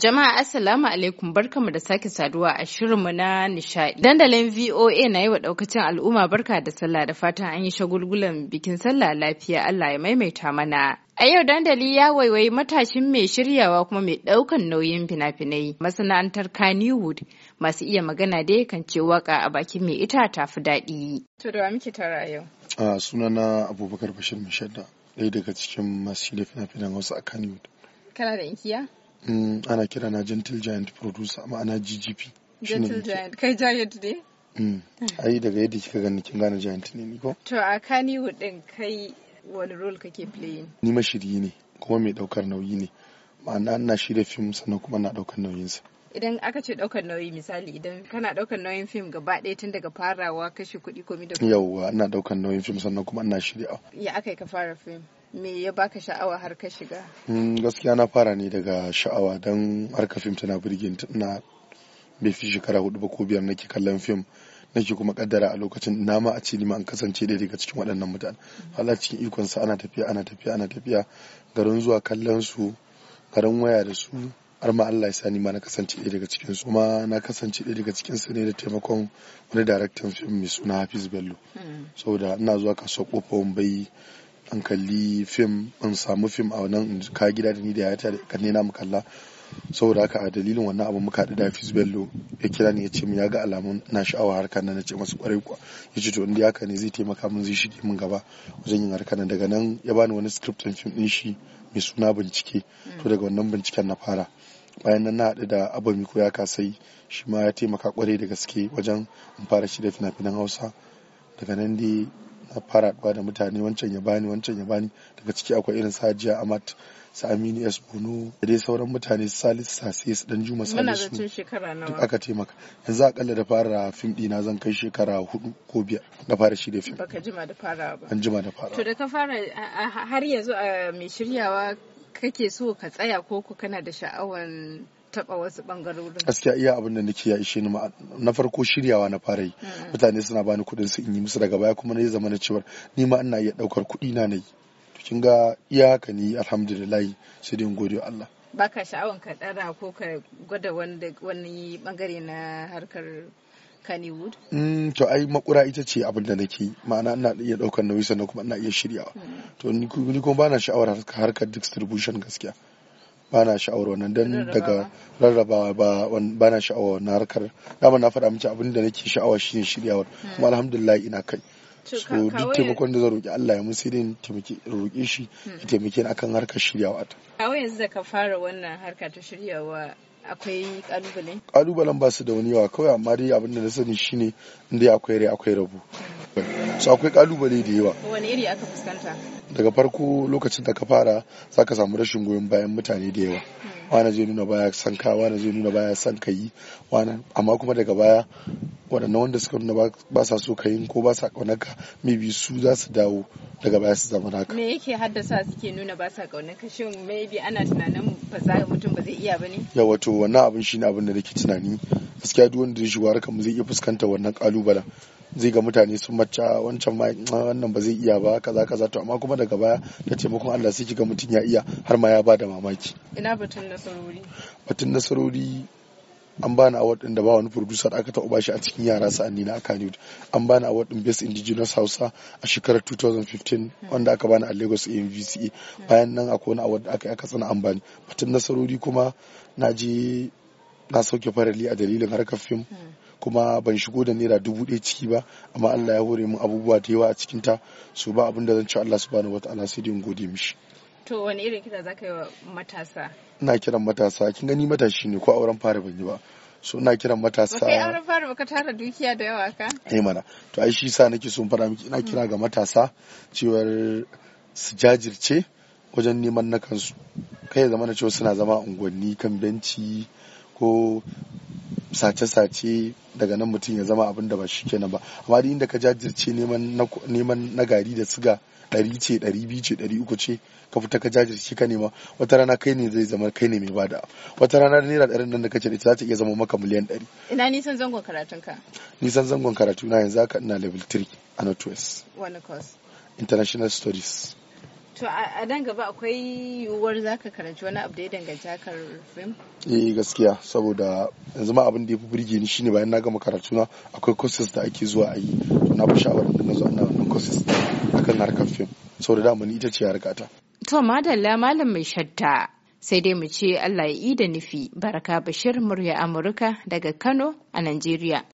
Jama'a Assalamu alaikum barkamu da sake saduwa a shirinmu na nishadi. Dandalin VOA na yi wa ɗaukacin al'umma barka da sallah da fatan an yi shagulgulan bikin sallah lafiya Allah ya maimaita mana. A yau dandali ya waiwayi matashin mai shiryawa kuma mai ɗaukan nauyin fina-finai masana'antar Kannywood masu iya magana da kan ce waka a bakin mai ita tafi daɗi. To da muke tara yau. A sunana Abubakar Bashir Mishadda ɗaya daga cikin masu fina-finan wasu a Kannywood. Kana da inkiya? ana kira na gentle giant producer ma'ana ggp gentle giant kai giant ne mm. ai daga yadda kika gani kin gane giant ne ko to a kani din kai wani role kake playing ni mashiryi ne kuma mai daukar nauyi ne ma'ana ina shirya fim sannan kuma na daukar nauyinsa idan aka ce daukar nauyi misali idan kana daukar nauyin fim gaba ɗaya tun daga farawa kashe kuɗi komi da yawwa ina daukar nauyin fim sannan kuma ina shirya ya aka yi ka fara fim me ya baka sha'awa har ka shiga mm, gaskiya na fara ne daga sha'awa don harka fim tana birgin na bai fi shekara hudu ba ko biyar nake kallon fim nake kuma kaddara a lokacin na ma a ce ni ma an kasance dai daga cikin waɗannan mutane hala cikin ikonsa ana tafiya ana tafiya ana tafiya garin zuwa kallon su garin waya da su har ma Allah ya sa ni ma na kasance ɗaya daga cikin su kuma na kasance ɗaya daga cikin su ne da taimakon wani daraktan fim mai suna Hafiz Bello mm. saboda ina zuwa kasuwar kofofin bai an kalli fim in samu fim a wannan ka gida da ni da yata da kanne na kalla saboda haka a dalilin wannan abu muka haɗu da Bello ya kira ni ya ce mu ya ga alamun na sha'awa harkar nan na ce masu kwarai kuwa ya ce to inda haka ne zai taimaka min zai shige min gaba wajen yin harkar nan daga nan ya bani wani script ɗin fim din shi mai suna bincike to daga wannan binciken na fara bayan nan na haɗu da abamiko ya kasai shi ma ya taimaka kwarai da gaske wajen in fara shi da fina-finan hausa daga nan dai na fara haɗuwa da mutane wancan ya bani wancan ya bani daga ciki akwai irin sajiya amat su amini s bono da dai sauran mutane salisu sase su dan juma salisu duk aka taimaka yanzu akalla da fara fim dina zan kai shekara hudu ko biyar na fara shirya fim baka jima da fara ba an jima da fara to da ka fara har yanzu a mai shiryawa kake so ka tsaya ko kana da sha'awan taba wasu bangarorin gaskiya iya abin da nake ya ishe ni na farko shiryawa na fara yi hmm. mutane suna bani kuɗin su in yi musu daga baya kuma na yi zama na cewar ni ma ina iya ɗaukar kuɗi na nayi to kin ga iya haka ni alhamdulillah gode Allah baka sha'awan ka dara ko ka gwada wani bangare na harkar Kannywood? Hmm, to ai makura ita ce abin da nake ma'ana ina iya daukar nauyi sannan kuma ina iya shiryawa. Hmm. To ni kuma bana sha'awar harkar distribution gaskiya. ba na sha'awar wannan don daga rarrabawa ba na sha'awar na harkar dama na faɗa mace abin da nake sha'awa shine shiryawar hmm. kuma alhamdulillah ina kai so duk taimakon da zan roƙi Allah ya musu din roƙi shi hmm. ya taimake ni akan harkar shiryawa ta a yanzu da ka fara wannan harka ta shiryawa akwai kalubale kalubalen ba su da wani yawa kawai amma dai abin da na sani shine inda akwai rai akwai rabu hmm. so akwai kalubale da yawa wani iri aka fuskanta daga farko lokacin da ka fara za ka samu rashin goyon bayan mutane da yawa hmm. wani zai nuna baya san ka wani zai nuna baya san ka yi wani amma kuma daga baya waɗannan wanda suka nuna ba sa so ka yi ko ba sa ƙaunar ka maybe su za su dawo daga baya su zama naka me yake haddasa suke nuna ba sa ƙaunar ka shin maybe ana tunanin ba za mutum ba zai iya ba ne ya wato wannan abin shine abin da nake tunani gaskiya duk wanda zai shiga harkar mu zai iya fuskantar wannan kalubalen zai ga mutane sun macca wancan ma ah, wannan ba zai iya ba kaza kaza to amma kuma daga baya ta taimakon Allah sai kiga mutum ya iya har ma ya bada mamaki ina batun nasarori batun nasarori an bani award din da ba wani producer aka taɓa bashi a cikin yara sa'anni na Kannywood an bani award din Best Indigenous Hausa a shekarar 2015 wanda aka bani a Lagos AMVCA e. bayan nan akwai wani award da aka yi aka tsana an bani batun nasarori kuma na je na sauke farali a dalilin harkar fim kuma ban shigo da naira dubu ɗaya ciki ba amma Allah ya hore min abubuwa da yawa a cikin ta so ba abin da zan ci Allah subhanahu wataala sai dai in gode mishi to wani irin za zaka yi wa matasa ina kiran matasa kin gani matashi ne ko auren fara ban yi ba so ina kiran matasa ba kai auren fara ba ka tara dukiya da yawa ka eh mana to ai shi sa nake son fara miki ina kira ga matasa cewar su jajirce wajen neman na kansu kai zama na cewa suna zama unguwanni kan benci ko sace-sace daga nan mutum ya zama abin da ba shi kenan ba amma da inda ka jajirce neman na gari da siga ɗari ce ɗari biyu ce ɗari uku ce ka fita ka jajirce ka nema wata rana kai ne zai zama kai ne mai bada wata rana naira ɗarin nan da kace za ta iya zama maka miliyan ɗari. ina nisan zangon karatun ka. nisan zangon karatu na yanzu haka ina level 3 a northwest. wani course. international studies. To a nan gaba akwai yiwuwar za ka karanci wani abu da ya danganta hakar fim? Eh gaskiya saboda yanzu ma abin da ya fi burge ni shine bayan na gama karatu na akwai courses da ake zuwa ayi yi to na fi sha'awar da na zo ana wannan courses akan harkar fim saboda dama ni ita ce ya harkata. To madalla malam mai shadda sai dai mu ce Allah ya yi da nufi baraka bashir murya Amurka daga Kano a Najeriya.